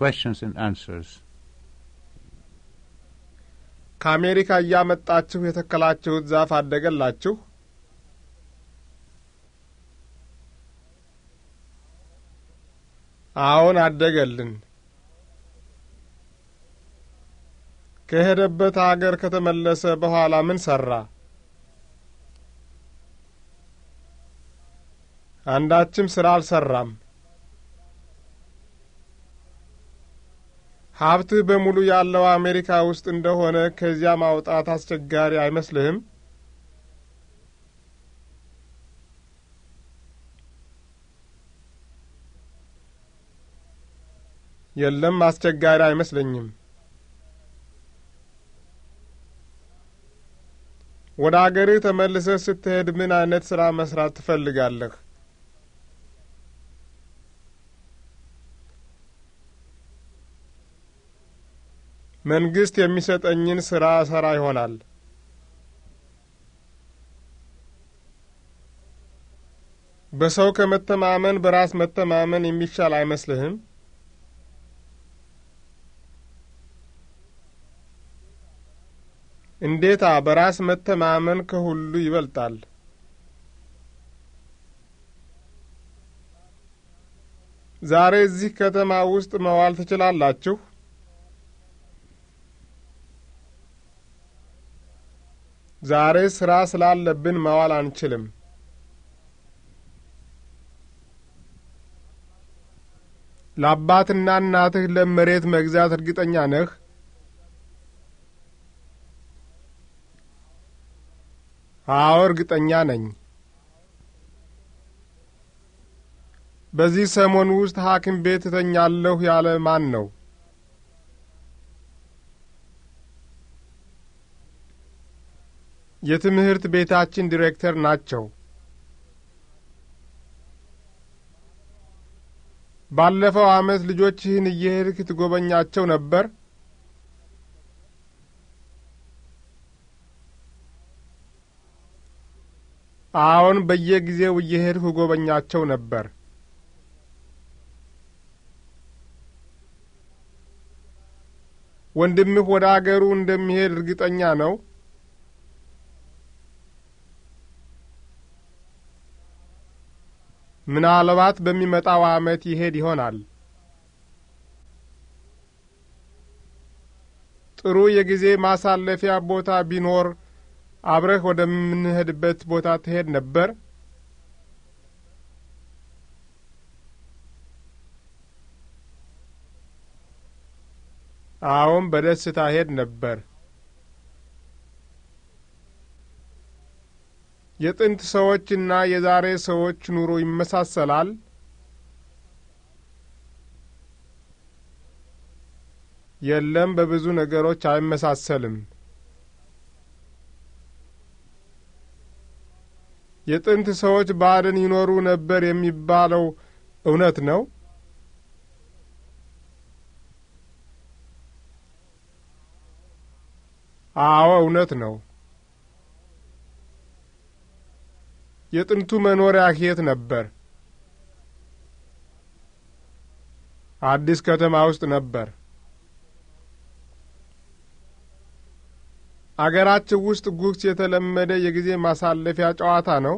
questions and answers ከአሜሪካ እያመጣችሁ የተከላችሁት ዛፍ አደገላችሁ? አዎን አደገልን። ከሄደበት አገር ከተመለሰ በኋላ ምን ሰራ? አንዳችም ስራ አልሰራም። ሀብትህ በሙሉ ያለው አሜሪካ ውስጥ እንደሆነ ከዚያ ማውጣት አስቸጋሪ አይመስልህም? የለም፣ አስቸጋሪ አይመስለኝም። ወደ አገርህ ተመልሰህ ስትሄድ ምን አይነት ሥራ መስራት ትፈልጋለህ? መንግሥት የሚሰጠኝን ሥራ እሠራ ይሆናል። በሰው ከመተማመን በራስ መተማመን የሚሻል አይመስልህም? እንዴታ! በራስ መተማመን ከሁሉ ይበልጣል። ዛሬ እዚህ ከተማ ውስጥ መዋል ትችላላችሁ? ዛሬ ስራ ስላለብን መዋል አንችልም። ለአባትና እናትህ ለመሬት መግዛት እርግጠኛ ነህ? አዎ እርግጠኛ ነኝ። በዚህ ሰሞን ውስጥ ሐኪም ቤት እተኛለሁ ያለ ማን ነው? የትምህርት ቤታችን ዲሬክተር ናቸው። ባለፈው ዓመት ልጆችህን እየሄድክ ትጎበኛቸው ነበር? አዎን፣ በየጊዜው እየሄድሁ ጐበኛቸው ነበር። ወንድምህ ወደ አገሩ እንደሚሄድ እርግጠኛ ነው? ምናልባት በሚመጣው ዓመት ይሄድ ይሆናል። ጥሩ የጊዜ ማሳለፊያ ቦታ ቢኖር አብረህ ወደምንሄድበት ቦታ ትሄድ ነበር። አዎን፣ በደስታ ሄድ ነበር። የጥንት ሰዎችና የዛሬ ሰዎች ኑሮ ይመሳሰላል? የለም፣ በብዙ ነገሮች አይመሳሰልም። የጥንት ሰዎች ባህልን ይኖሩ ነበር የሚባለው እውነት ነው? አዎ፣ እውነት ነው። የጥንቱ መኖሪያ የት ነበር? አዲስ ከተማ ውስጥ ነበር። አገራችን ውስጥ ጉግስ የተለመደ የጊዜ ማሳለፊያ ጨዋታ ነው?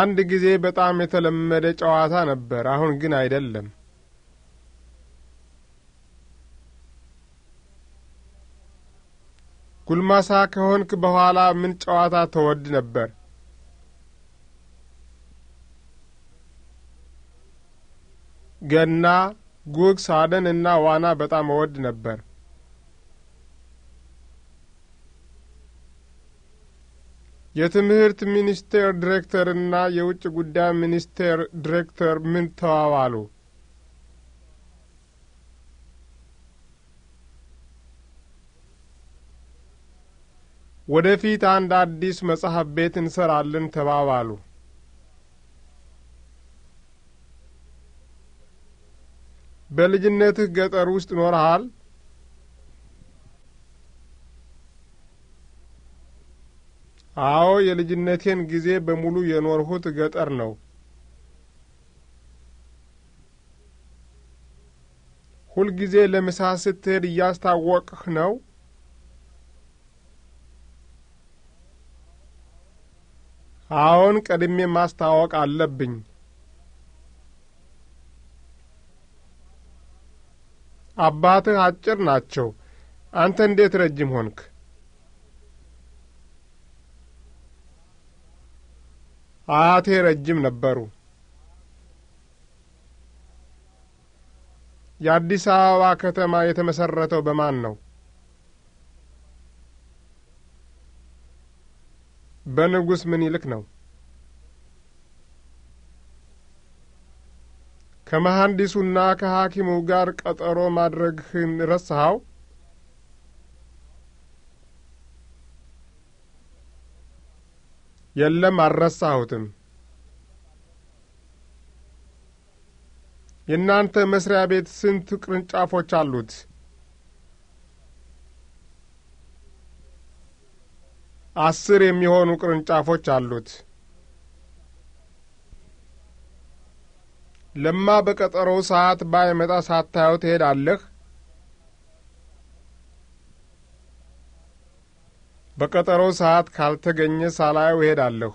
አንድ ጊዜ በጣም የተለመደ ጨዋታ ነበር፣ አሁን ግን አይደለም። ጉልማሳ ከሆንክ በኋላ ምን ጨዋታ ተወድ ነበር? ገና፣ ጉግ፣ ሳደን እና ዋና በጣም እወድ ነበር። የትምህርት ሚኒስቴር ዲሬክተርና የውጭ ጉዳይ ሚኒስቴር ዲሬክተር ምን ተዋዋሉ? ወደፊት አንድ አዲስ መጽሐፍ ቤት እንሰራለን ተባባሉ። በልጅነትህ ገጠር ውስጥ ኖርሃል? አዎ፣ የልጅነቴን ጊዜ በሙሉ የኖርሁት ገጠር ነው። ሁልጊዜ ለምሳ ስትሄድ እያስታወቅህ ነው? አዎን፣ ቀድሜ ማስታወቅ አለብኝ። አባትህ አጭር ናቸው። አንተ እንዴት ረጅም ሆንክ? አያቴ ረጅም ነበሩ። የአዲስ አበባ ከተማ የተመሰረተው በማን ነው? በንጉሥ ይልክ ነው። ከመሐንዲሱና ከሐኪሙ ጋር ቀጠሮ ማድረግህን ረሳኸው? የለም፣ አልረሳሁትም። የእናንተ መስሪያ ቤት ስንት ቅርንጫፎች አሉት? አስር የሚሆኑ ቅርንጫፎች አሉት። ለማ በቀጠሮው ሰዓት ባይመጣ ሳታየው ትሄዳለህ? በቀጠሮው ሰዓት ካልተገኘ ሳላየው እሄዳለሁ።